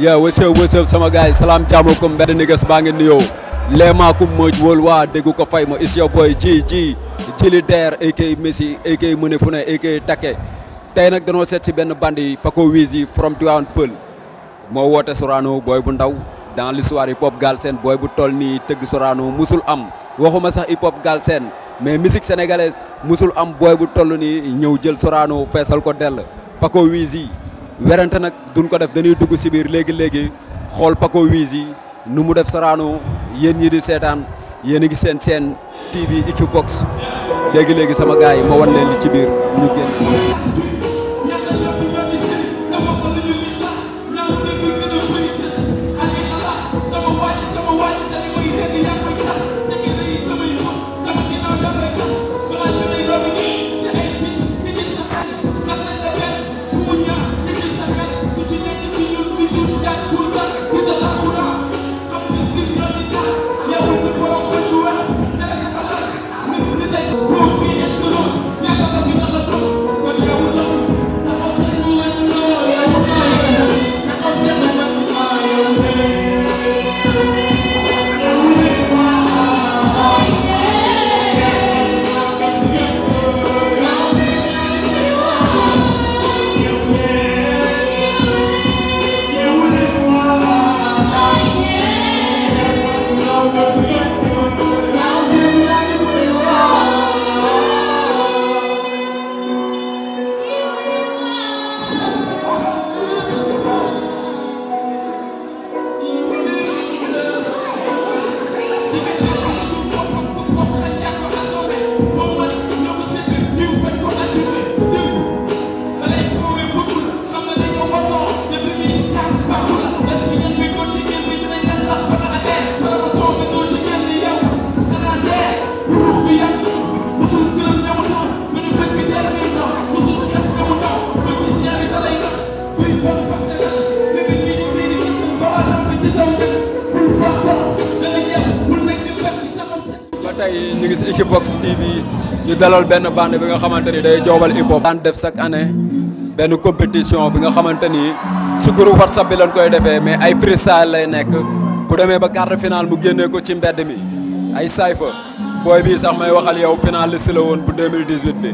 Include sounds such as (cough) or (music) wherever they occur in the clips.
yeah what's up what's up sama gars yi salaam jaamukum mbedd niggas baa ngi nuyoo leemaakum mooj wóolu waa déggu ko fay ma is yo boy ji ji jili der akay Messi akay mëne fu ne akay takke tey nag danoo seet si benn bandi yi Paco Wiz yi from Tivaouane moo woote Sorano booy bu ndaw dans l'histoire hip hop galsen booy bu toll nii tëgg soraano musul am waxuma sax hip hop galsen mais musique sénégalaise musul am booy bu toll nii ñëw jël Sorano feesal ko dell Paco Wiz werante nag duñ ko def dañuy dugg si biir léegi léegi xool Paco Wiis yi nu mu def Sorano yéen ñi di seetaan yéen a ngi seen seen TV Equivox léegi léegi sama gars yi ma wan leen li ci biir ñu génn. Equivox TV ñu dalal benn bande bi nga xamante ni day joobal hip hop. daan def chaque année benn compétition bi nga xamante ni su groupe WhatsApp bi lañ koy defee mais ay freestyle lay nekk bu demee ba quart de finale mu génnee ko ci mbedd mi ay sayfa booy bii sax may waxal yow finaliste la woon bu 2018 bi.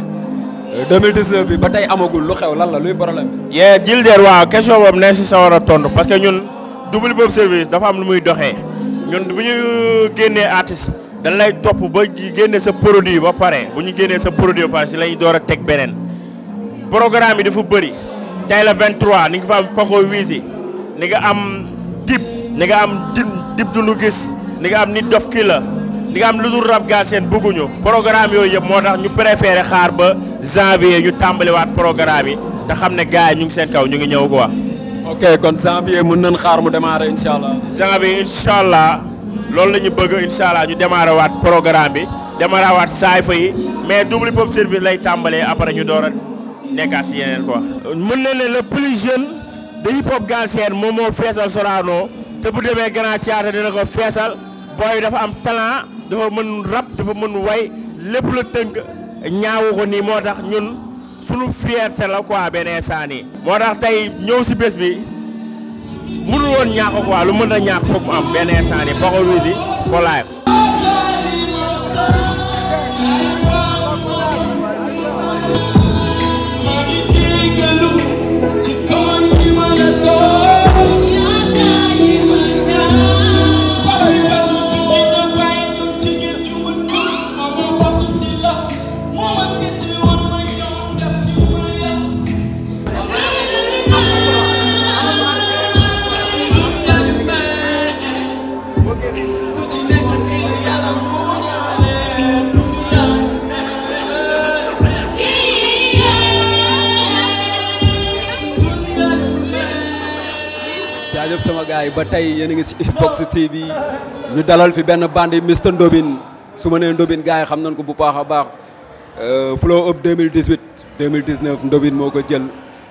2019 euh, bi ba tey amagul lu xew lan la luy problème bi. yee waaw question boobu ne sa war a tontu parce que ñun double pop service dafa am lu muy doxee ñun bu ñu génnee artiste. dañ lay topp ba génne sa produit ba pare bu ñu génnee sa produit ba pare si la ñu door a teg beneen programme yi dafa bëri tey la 23 ni nga fa am Paco Wizi ni nga am dib ni nga am dib dib du nu gis ni nga am nit dof kii la ni nga am lu dul rab gaa seen bëgguñu programme yooyu yëpp moo tax ñu préféré xaar ba janvier ñu tàmbaliwaat programme yi te xam ne gars ñu ngi seen kaw ñu ngi ñëw ko wax ok kon janvier mën nañ xaar mu démarrer incha janvier incha loolu la ñu bëgg incha ñu démarré waat programme bi démarré waat saay fa yi mais double pop service lay tàmbalee après ñu door a nekkaat si yeneen quoi. mën na ne le plus jeune dañu hip hop galsen moom moo feesal Sorano te bu demee Grand Théâtre dina ko feesal booy dafa am talent dafa mën rap dafa mën way lépp la tënk ñaawu ko nii moo tax ñun sunu fierté la ko benn saa nii. moo tax tey ñëw si bés bi. mënul woon ñaax ko quoi lu mën a ñaax foog mu am benn instant nii Pawlish for life gars ba tey yéen a ngi si Equivox TV ñu dalal fi benn bandi Mr Ndobine su ma nee Ndobine gars yi xam nañ ko bu baax a baax euh, Flow Up 2018 2019 Ndobine moo ko jël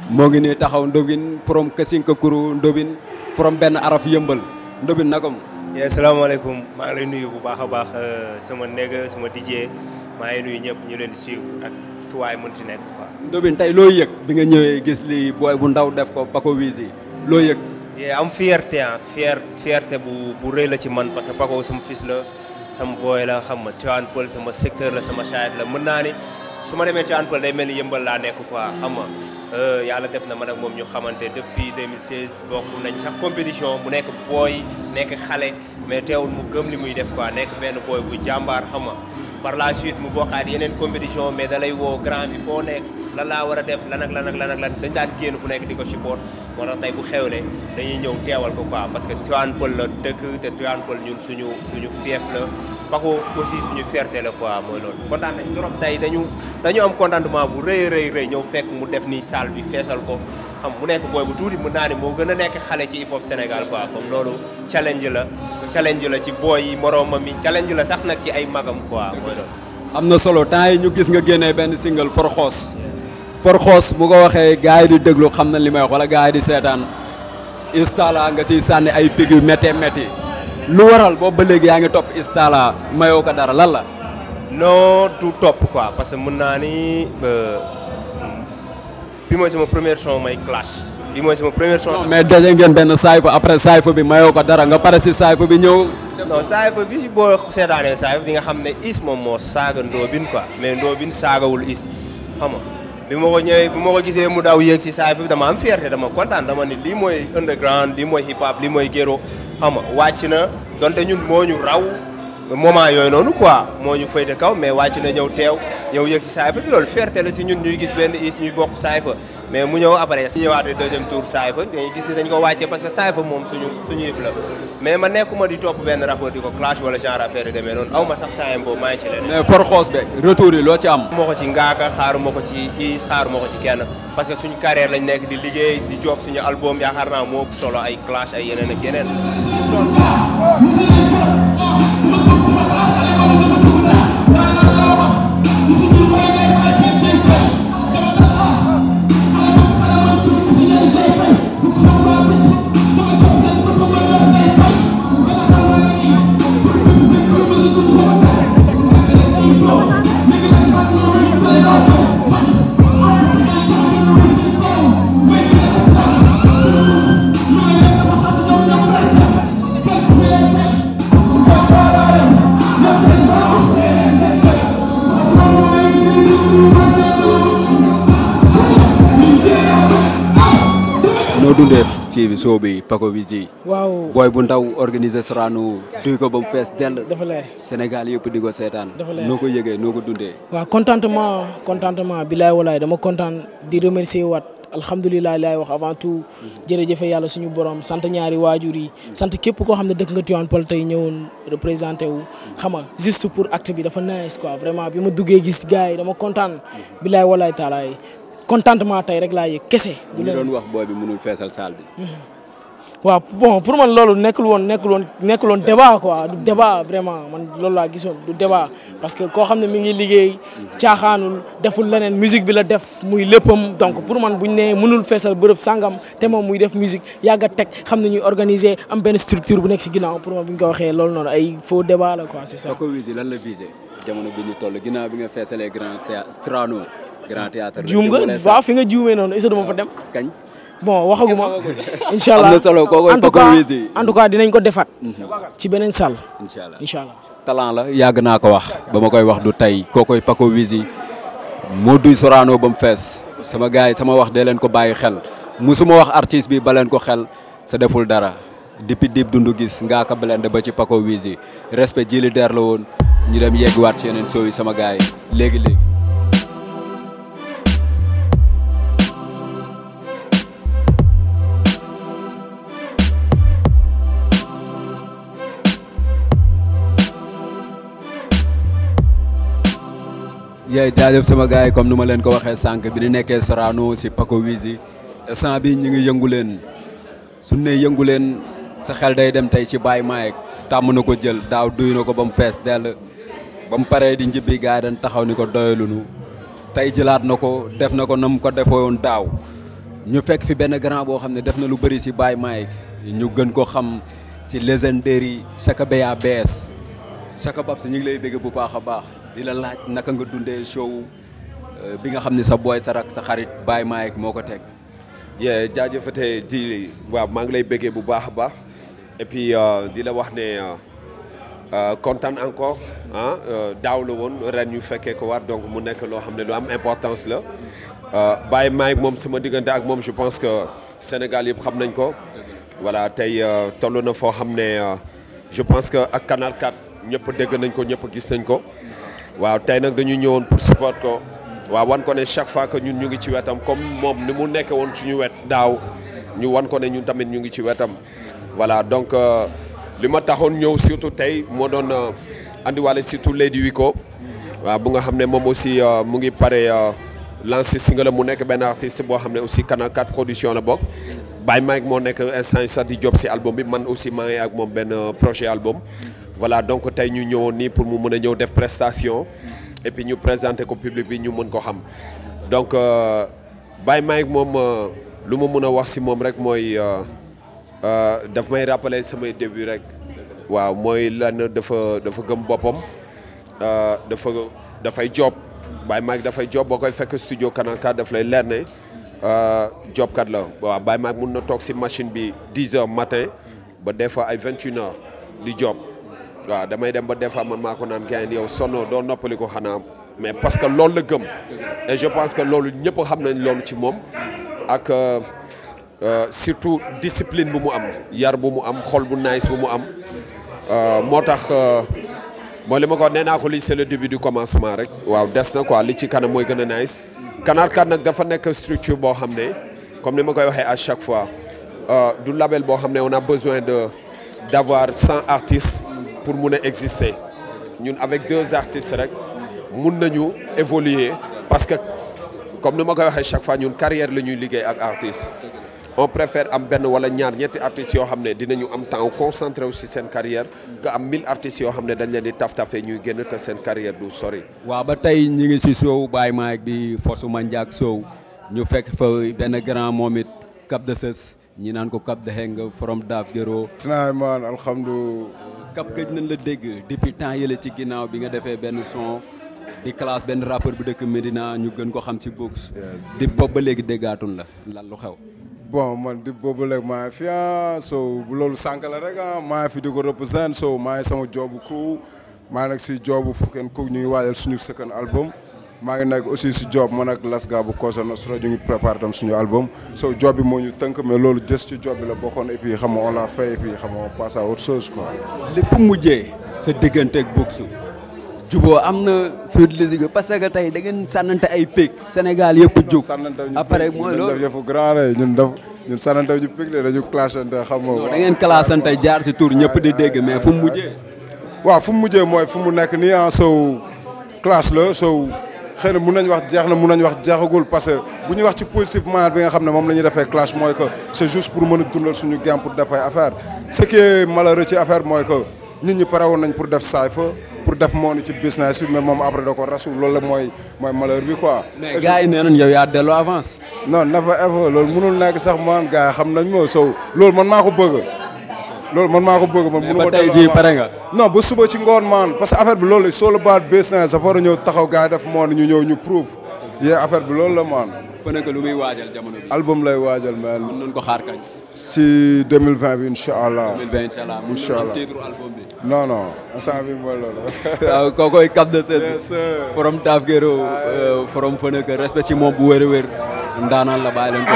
moo ngi nii taxaw Ndobine from Kasinkakuru ndobin from benn araf yëmbal Ndobine naka mu. asalaamaaleykum maa ngi lay nuyu bu baax a baax euh, sama néeg sama DJ maa ngi nuyu ñëpp ñu leen di suivre ak fu waay mënti nekk quoi. Ndobine tey loo yëg bi nga ñëwee gis lii booy bu ndaw def ko Paco Wizi loo yëg. am fierté ah fier fierté bu bu rëy la ci man parce que Paco sama fils la sama booy la xam ma Tivaouane sama secteur la sama chaîne la mën naa ni su ma demee Tivaouane Peulh day mel ni yëmbal laa nekk quoi xam nga euh, yàlla def na man ak moom ñu xamante depuis 2016 bokk nañ sax compétition mu nekk booy nekk xale mais teewul mu gëm li muy def quoi nekk benn booy bu jàmbaar xam nga par la suite mu bokkaat yeneen compétition mais da lay woo grand bi foo nekk. lan laa war a def lan ak lan ak lan dañ daan génn fu nekk di ko support moo tax tey bu xewle dañuy ñëw teewal ko quoi parce que Tivaouane Peulh la dëkk te Tivaouane Peulh ñun suñu suñu fief la Paco aussi suñu fierté la quoi mooy loolu kontaan nañ trop tey dañu dañu am contentement bu rëy rëy rëy ñëw fekk mu def nii salle bi feesal ko xam mu nekk booy bu tuuti mën naa moo gën a nekk xale ci hip hop Sénégal quoi comme loolu challenge la challenge la ci booy yi moroomam yi challenge la sax nag ci ay magam quoi am na solo temps yi ñu gis nga génnee benn single for xoos Porxoos bu ko waxee gars yi di déglu xam na li may wax wala gars yi di seetaan Istala nga ci sànni ay pig yu méttee métti lu waral boobu ba léegi yaa ngi topp Istala mayoo ko dara lan la. non du topp quoi parce que mën naa ni euh, bi mooy sama première son may clash. bi mooy sama première son. non mais daje ngeen benn saayfa après saayfa bi mayoo ko dara nga pare si saayfa bi ñëw. non saayfa bi boo seetaanee saayfa bi nga xam ne is moom moo saaga Ndobin quoi mais Ndobin saagawul is bi ma ko ñëwee bi ma ko gisee mu daaw yéeg si saa fi dama am fierté dama kontaan dama ni lii mooy underground lii mooy hip hop lii mooy géro xam nga wàcc na donte ñun moo ñu raw. moment yooyu noonu quoi moo ñu féete kaw mais wàcc na ñëw teew ñëw yëg si Saayfa bi loolu fierté la si ñun ñuy gis benn is ñuy bokk Saayfa mais mu ñëw après si ñëwaatee deuxième tour Saayfa dañuy gis ni dañ ko wàccee parce que Saayfa moom suñu suñu yëf la mais ma nekkuma di topp benn rapport di ko clash wala genre affaire yi demee noonu aw ma sax time boobu maa ngi ci leen mais for xoos be retour yi loo ci am moo ko ci ngaaka xaaru ma ko ci is xaaru ma ko ci kenn parce que suñu carrière lañ nekk di liggéey di job suñu album yaakaar naa moo solo ay clash ay yeneen ak yeneen TV show bi Paco booy bu ndaw organiser Sorano duy ko ba mu fees dell. dafa Sénégal yëpp di ko seetaan. dafa leer noo ko yëgee noo ko dundee. waaw contentement contentement bilaay walaay dama kontaan di remercier waat. alhamdulilah laay wax avant tout mhm. jërëjëfe yàlla suñu borom sant ñaari waajur yi sant képp koo xam ne dëkk nga Tivaouane Peulh tey ñëwoon représenté wu xam nga juste pour acte bi dafa nice quoi vraiment bi ma duggee gis gars yi dama kontaan mhm. bilaay walaay taalaay contentement tey rek laa yëg kese. bu ñu doon wax booy bi mënul feesal saal bi. Mm-hmm. waaw bon pour man loolu nekkul woon nekkul woon nekkul woon débat quoi du débat vraiment man loolu laa gisoon du débat parce que koo xam ne mi ngi liggéey caaxaanu deful leneen musique bi la def muy léppam donc pour man bu ñu nee mënul feesal bërëb sangam te moom muy def musique yàgg a teg xam ne ñuy organiser am benn structure bu nekk si ginnaaw pour man bu ñu waxee loolu noonu ay faux débat la quoi c'est lan la visé jamono bi ñu toll ginnaaw bi nga feesalee grand Sorano grand théâtre la juum nga fi nga juumee noonu isa duma fa dem. bon waxaguma. (laughs) incha allah am solo kooku en tout en tout cas dinañ ko defaat. Mhm. ci beneen salle. incha allah incha allah. la yàgg naa ko wax ba ma koy wax du tey kookoy Paco Wizi mu duy Sorano ba fees sama gars yi sama wax de leen ko bàyyi xel ma wax artiste bi ba leen ko xel sa deful dara depuis dib dundu gis ngaa ko blende ba ci Paco Wizi respect jili deer la woon ñu dem yegguwaat ci yeneen show yi sama gars yi léegi léegi. yeey jaajëf sama gars yi comme nu ma leen ko waxee sànq bi ñu nekkee Sorano si Paco Wizi instant bi ñu ngi yëngu leen su ne yëngu leen sa xel day dem tey ci Baye Maïk tàmm na ko jël daaw duy na ko ba mu fees dell ba mu paree di njibbi gars yi dañ taxaw ni ko doyalunu tey jëlaat na ko def na ko na mu ko defoon daaw ñu fekk fi benn grand boo xam ne def na lu bëri si Baye Maïk ñu gën ko xam si légendaire yi Chaka Béya bees Chaka Babs ñu ngi lay bégg bu baax a baax di la laaj naka nga dundee show euh, bi nga xam ne sa booy sa rak sa xarit Baye Mike moo ko teg. yee jaajëfatee ji maa ngi lay bëggee bu baax a baax et puis euh, di la wax ne euh, kontaan encore ah daaw la woon ren yu fekkee ko waat donc mu nekk loo xam ne lu am importance la Baye Mike moom sama diggante ak moom je pense que Sénégal yëpp xam nañ ko. voilà tey toll na foo xam ne je pense que ak Canal 4 ñëpp dégg nañ ko ñëpp gis nañ ko. waaw tey nag dañu ñëwoon pour support ko waaw wan ko ne chaque fois que ñun ñu ngi ci wetam comme moom ni mu nekke woon suñu wet daaw ñu wan ko ne ñun tamit ñu ngi ci wetam voilà donc euh, li ma taxoon ñëw surtout tey moo doon euh, andiwaale surtout Lady Wiko waaw bu nga xam ne moom aussi euh, mu ngi pare lancé single mu nekk benn artiste boo xam ne aussi Canal 4 production la bokk Baye Mike moo nekk instant sa di job si album bi man aussi maa ak moom benn projet album voilà donc tey ñu ñëwoon nii pour mu mën a ñëw def prestation et puis ñu présenter ko public bi ñu mën ko xam donc euh, Baye Mike moom euh, lu ma mën a wax si moom rek mooy euh, dafa may rappeler samay début rek waaw mooy lenn dafa dafa gëm boppam dafa dafay job Baye Mike dafay job boo koy fekk studio Kananka daf lay leer ne jobkat la waaw Baye Mike mun na toog si machine bi 10 heures matin ba des fois ay 21 heures di job waaw damay dem ba des fois man maa ko naan gars yow sonno doo noppali ko xanaa mais parce que loolu la gëm et je pense que loolu ñëpp xam nañ loolu ci moom ak euh, euh, surtout discipline bu mu am yar bu mu am xol bu nice bu mu am euh, moo tax mooy li ma ko nee naa ko lii c'est le début du commencement rek waaw des na ko li ci kanam mooy gën a nice Canal 4 nag dafa nekk structure boo xam ne comme ni ma koy waxee à chaque fois du label boo xam ne on a besoin de d'avoir cent artistes pour mu a exister ñun avec deux artistes rek mun nañu évoluer parce que comme ni ma koy waxee chaque fois ñun carrière la ñuy liggéey ak artiste on préfère am benn wala ñaar ñetti artistes yoo xam ne dinañu am temps concentré wu si seen carrière que am mille artistes yoo xam ne dañ leen di taf-tafee ñuy génn te seen carrière du sori. waa ba tey ñu ngi si soow baay Mike bi Force Mandiak soow ñu fekk fa benn grand moom it Cap de Sës ñi naan ko Cap de Heng from Daf kap gëj nañ la dégg depuis temps yële ci ginnaaw bi nga defee benn son di classe benn rappeur bu dëkk Medina ñu gën ko xam si Books. di boobu ba léegi déggaatun la lan lu xew. bon man di boobu ba léegi maa ngi fi ah, so bu loolu sànq la rek ah maa fi di ko représente so maa ngi sama joobu crew maa ngi nag si joobu fukkeen crew ñu ngi waajal suñu second album. maa ngi nekk aussi si job man ak Lasga bu Kosa Nostra ñu ngi préparé tam suñu album so job bi moo ñu tënk mais loolu just ci job bi la bokkoon et puis xam nga on l'a fait et puis xam nga on passe à autre chose lépp mujjee sa diggante ak boxe juboo am na sur les parce que tey da ngeen sànnante ay pég Sénégal yëpp jóg. sànnante ñu après mooy loolu ñun def grand ñun def ñun sànnante ñu pég la dañu clashante xam nga. jaar si tour ñëpp di dégg mais fu mu mujjee. waa fu mu mujjee mooy fu mu nekk nii ah sow clash la sow. xëy na mun nañ wax jeex na mun nañ wax jeexagul parce que bu ñuy wax ci positivement bi nga xam ne moom la ñuy defee mooy que c'est juste pour mën a dundal suñu gain pour dafay affaire ce qui est malheureux ci affaire mooy que nit ñi pare woon nañ pour def saay fa pour def moonu ci business bi mais moom après da ko rasu loolu la mooy mooy malheur bi quoi. mais yi nee nañ yow yaa delloo avance. non never ever loolu mënul nekk sax man gars yi xam nañ ma sow loolu man maa ko bëgg. loolu man maa ko bëgg man. mënu ma tey jii pare nga. ba suba ci ngoon maan parce que affaire bi loolu soo la baat bés na dafa a ñëw taxaw gars ñu ñëw ñu prouve yee affaire bi loolu la maan. fa nekk lu muy waajal jamono bi. album lay waajal man. mën ko xaar kañ. si 2020 bi incha allah. 2020 incha bi. non non instant bi mooy loolu. (laughs) waaw kookoy cap de saison. forom Taaf Guéro forom fa nekk respect ci moom bu wér-wér. ndaanaan la bàyyi la ko.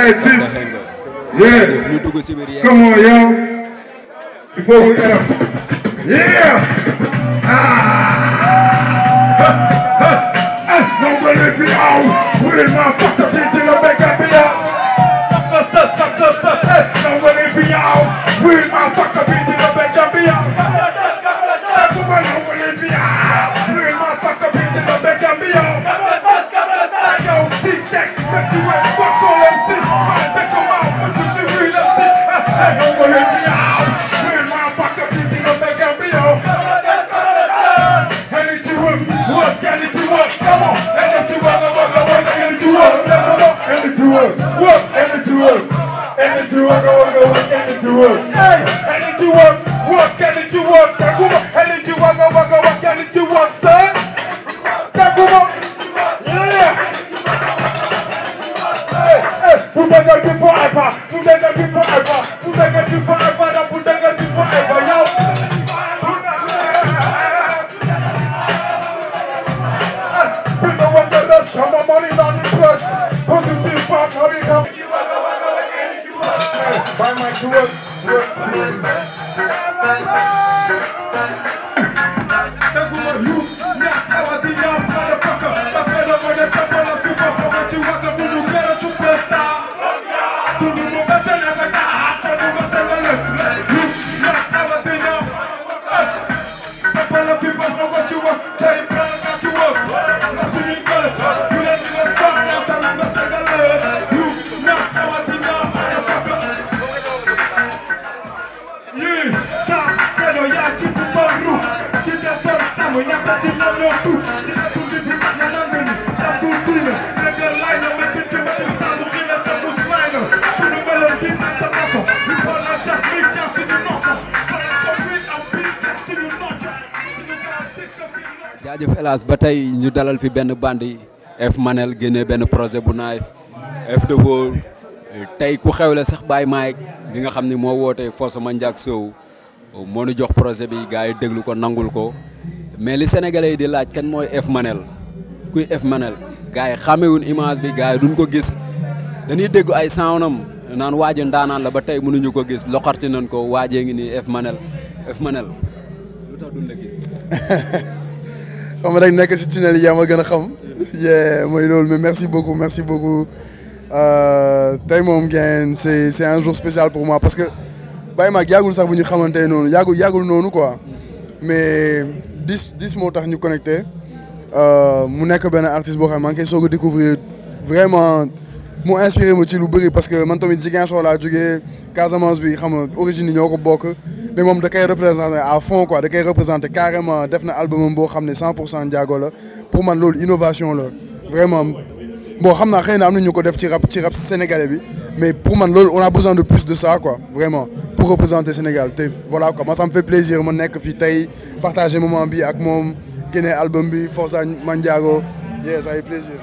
ay Yeah. New Dugo Sibiri. Come on, yo. Before we end up. Yeah. Ah. I'm gonna be out. Put in energy work, work, Sunu hélas ba tey ñu dalal fi benn bandi F Manel génne benn projet bu naayif F de Gaulle tey ku xewle sax baay Mike bi nga xam ni moo woote Fosama Ndiak Sow moo nu jox projet bi gars yi déglu ko nangul ko mais li sénégalais yi di laaj kenn mooy F Manel kuy F Manel gars yi xàmmewuñ image bi gars yi duñ ko gis dañuy dégg ay sawnam naan waaji ndaanaan la ba tey mënuñu ko gis loxarti nañ ko waajee ngi nii F Manel F Manel lu tax duñ la gis (laughs) xam nga rek nekk si tunnel yi yaa ma gën a xam. mooy loolu mais merci beaucoup merci beaucoup euh, tey moom ngeen c' est c' est un jour spécial pour moi parce que Baye Mack yàggul sax bu ñu xamante noonu yàggul yàggul noonu quoi mais dix dix moo tax ñu connecté euh, mu nekk benn artiste boo xam ne maa ngi koy soog a découvrir vraiment. mu inspiré ma ci lu bëri parce que man tamit Ziguinchor laa jógee Casamance bi xam nga origine yi ñoo ko bokk mais moom da koy représenté à fond quoi da koy représenté carrément def na albumam boo xam ne san pour cent Ndiago la pour man loolu innovation la vraiment bon xam naa xëy na am na ñu ko def ci rap ci rap sénégalais bi mais pour man loolu on a besoin de plus de ça quoi vraiment pour représenter Sénégal te voilà quoi man ça me ma nekk fii tey partager moment bi ak moom génne album bi Forza Man Ndiago yes ça fait plaisir.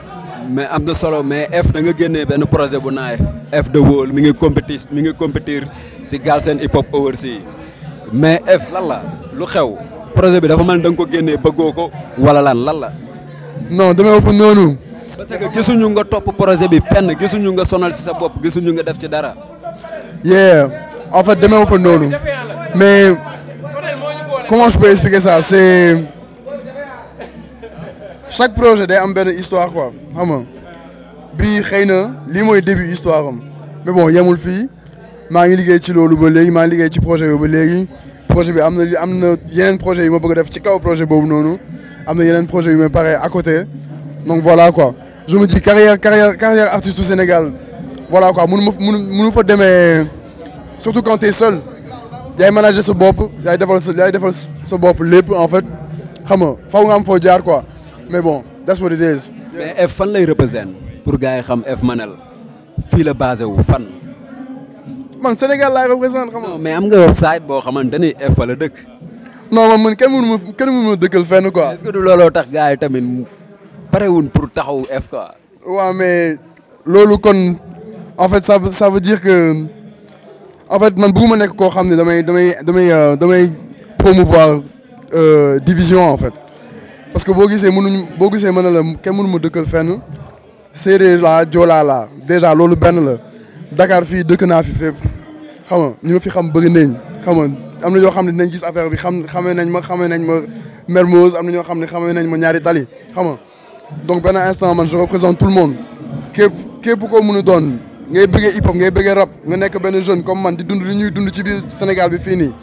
mais am na solo mais F da nga génnee benn projet bu naay F de Wall mi ngi compéti mi ngi compétir si Galsen Hip Hop Awards yi mais ef lan la lu xew projet bi dafa man da ko génnee bëggoo ko wala lan lan la. non demee fa noonu. parce que gisuñu nga topp projet bi fenn gisuñu nga sonal ci sa bopp gisuñu nga def ci dara. yeah en fait demee fa noonu mais comment je expliquer ça c'est chaque projet day am benn histoire quoi xam nga bii xëy na lii mooy début histoire am mais bon yemul fii maa ngi liggéey ci loolu ba léegi maa ngi liggéey ci projet bi ba léegi projet bi am na am na yeneen projet yi ma bëgg a def ci kaw projet boobu noonu am na yeneen projet yu may pare à côté donc voilà quoi je me dis carrière carrière carrière artiste du Sénégal voilà quoi mënu ma mënu mënu fa demee surtout quand t'es seul yaay manager sa bopp yaay defal sa yaay defal sa bopp lépp en fait xam nga faw nga am foo jaar quoi mais bon that's what it is. mais fan lay représente pour gars yi xam F Manel fii la basé wu fan. man Sénégal laay représente xam mais am nga side boo xamante ni F fa la dëkk. non man man kenn mënu ma kenn mënu ma dëkkal fenn quoi. est que du looloo tax gars yi tamit parewuñ pour taxaw F quoi. waaw mais loolu kon en fait ça veut dire que en fait man bëgguma nekk koo xam ne damay damay damay euh, damay promouvoir euh, division en fait. parce que boo gisee mënuñu boo gisee mën na la kenn mënu ma dëkkal fen séeréer laa joolaa laa déjà loolu benn la dakaar fii dëkk naa fi fépp xam nga ñu ma fi xam bëgg nañ xam am na ñoo xam ne dinañ gis affaire bi xam xamee nañ ma xamee nañ ma Mermoz am na ñoo xam ne xamee nañ ma ñaari tali xam nga donc benn instant man je représente tout le monde képp képp koo mën a doon ngay bëggee hip hop ngay bëggee rap nga nekk benn jeune comme man di dund li ñuy dund ci biir Sénégal bi fii nii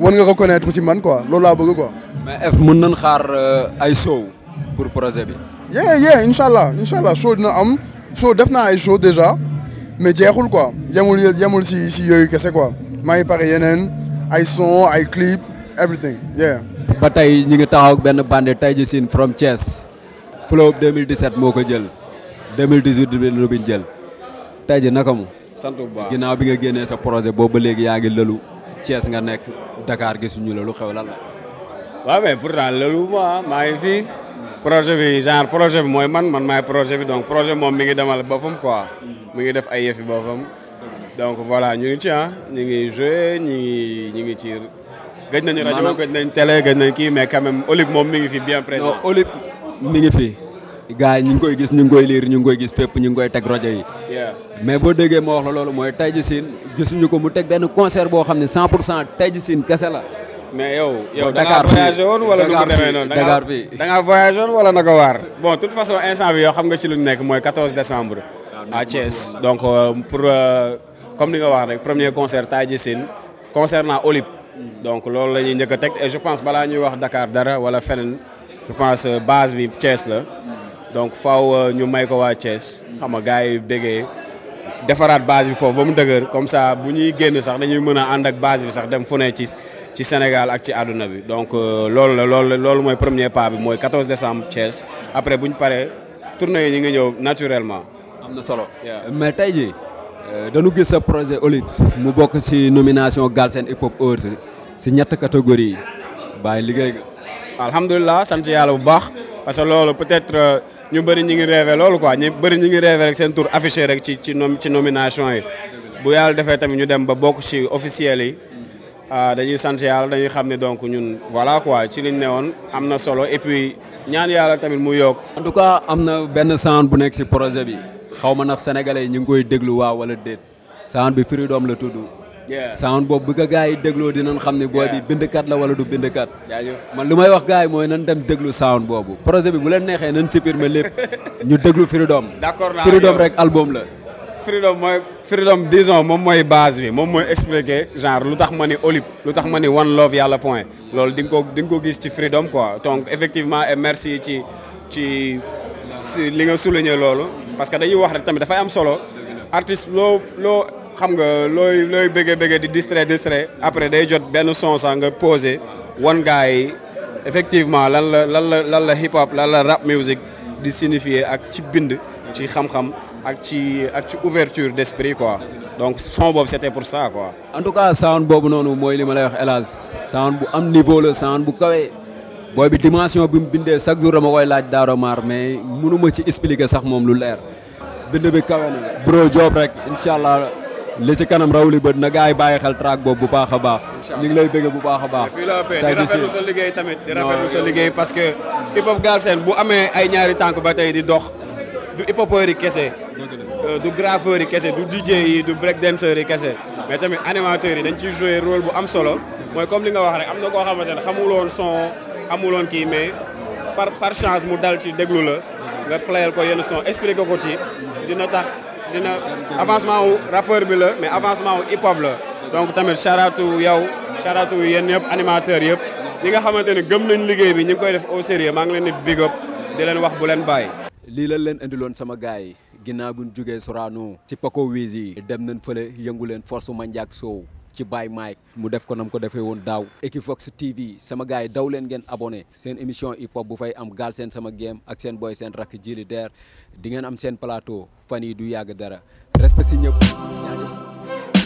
war nga reconnaître si man quoi loolu laa bëgg quoi. mais F mun nañ xaar euh, ay show pour projet bi. yeah yeah incha allah incha allah show dina am show def naa ay show déjà mais jeexul quoi yemul yemul si si yooyu kese quoi maa ngi pare yeneen ay son ay clip everything yeah. ba tey ñi ngi taxaw ak benn bande tay ji sin from Thiès. flow 2017 moo ko jël 2018 bi la jël tay ji naka mu. sant bu baax ginnaaw bi nga génnee sa projet boobu ba léegi yaa ngi lëlu Thiès nga nekk gi su ñu la lu xew lan la. waaw mais pourtant loolu ma ah, maa ngi fii projet bi genre projet bi mooy man man maay projet bi donc projet moom mi ngi demal boppam quoi mi ngi def ay yëfi boppam donc voilà ñu ngi ci ah ñu ngi joué ñu ngi ñu ngi ci gëj nañu rajo gëj nañ télé gëj kii mais quand même Olip moom mi ngi fi bien présent. non mi ngi fi. gars ñi ñu ngi koy gis ñu ngi koy liir ñu ngi koy gis fépp ñu ngi koy teg rajo yi. mais boo déggee ma wax la loolu mooy Taiji Scene gisuñu ko mu teg benn concert boo xam ne 100 pour cent Taiji Scene kese la. mais yow. yow da ngaa wala nu mu demee bi da ngaa wala na ko waar. façon instant bi yow xam nga ci lu nekk mooy 14 décembre. à Thiès donc euh, pour euh, comme ni nga wax rek premier concert Taiji Sine concernant Olip. donc loolu la ñuy njëkk a teg je pense balaa ñuy wax Dakar dara wala feneen je pense euh, base bi Thiès la. donc faaw ñu may ko waa Thiès. xam nga gars yi bégee defaraat bi foofu ba mu dëgër comme ça bu ñuy génn sax dañuy mën a ànd ak base bi sax dem fu ne ci. ci Sénégal ak ci àdduna bi donc euh, loolu la loolu loolu mooy premier pas bi mooy 14 décembre Thiès après bu ñu paree tournée yi ñu ngi ñëw naturellement. am na solo mais tey jii euh, danu gis sa projet Olympics mu bokk ci nomination Galsen Hip Hop Awards ci ñett catégorie yi bàyyi liggéey nga. alhamdulilah sant yàlla bu baax parce que loolu peut-être euh, ñu bëri ñu ngi rêvé loolu quoi ñu bëri ñu ngi rêvé rek seen tour affiché rek ci ci ci nomination yi bu yàlla defee tamit ñu dem ba bokk ci officiel yi. Ah, dañuy sant yàlla dañuy xam ne donc ñun voilà quoi ci liñ ne woon am na solo et puis ñaan yàlla tamit mu yokk en ka am na benn sound bu nekk si projet bi xaw ma ndax sénégalais yi ñu ngi koy déglu waaw wala déet sound bi freedom la tudd sound boobu bi ko gars yi di nan xam ne booy bi kat la wala du bindkat man lu may wax gars yi mooy nan dem déglu sound boobu projet bi bu leen neexee nan ma lépp (laughs) ñu déglu freedom d'accord freedom rek album la freedom mooy freedom disons moom mooy base bi moom moy expliquer genre lu tax ma ni olib lu tax ma ni one love yàlla point loolu di ko di nga ko gis ci freedom quoi donc effectivement et merci ci ci si li nga souligner loolu parce que dañuy wax rek tamit dafay am solo artiste loo loo xam nga looy looy bëggee bëggee di distrait distrait après day jot benn son sax nga posé wan gars effectivement lan la lan la lan la hip hop lan la rap music di signifier ak ci bind ci xam-xam ak ci ak ci ouverture d' esprit donc son boobu c' pour ça en tout cas sound boobu noonu mooy li ma lay wax hélas sound bu am niveau la sound bu kawe booy bi dimension bi mu bindee chaque jour dama koy laaj Daaro Maar mais munuma ci expliquer sax moom lu leer bind bi kawe na bro Diop rek incha allah li ci kanam raw li bët na gars yi bàyyi xel track boobu bu baax a baax. ñu ngi lay bëgg bu baax a baax. tey di rafetlu tamit parce que hip hop Galsen bu amee ay ñaari tànk ba tey di dox du kese. Euh, du graffeur yi kese du DJ yi du break danseur yi kese mais tamit animateurs yi dañ ci jouer rôle bu am solo mooy comme li nga wax rek am na koo xamante ne xamuloon son xamuloon kii mais par par chance mu dal ci déglu la nga playal ko yenn son expliqué ko ci dina tax dina avancement wu rappeur bi la mais avancement wu hip hop la donc tamit charatu yow charatu yéen yëpp animateur yëpp ñi nga xamante ne gëm nañ liggéey bi ñu koy def au sérieux maa ngi leen di big up leen wax bu leen bàyyi. lii la leen indiloon sama gars yi. ginnaaw bi ñu jógee Sorano ci Paco Wizi dem nañ fële yëngu leen force Mandiak soow ci baay Mike mu def ko nam ko defee woon daaw Equivox TV sama gars yi daw leen ngeen abonné seen émission hip hop bu fay am gaal seen sama game ak seen boy seen rakk jili der di ngeen am seen palato fan yi du yàgg dara respect si ñëpp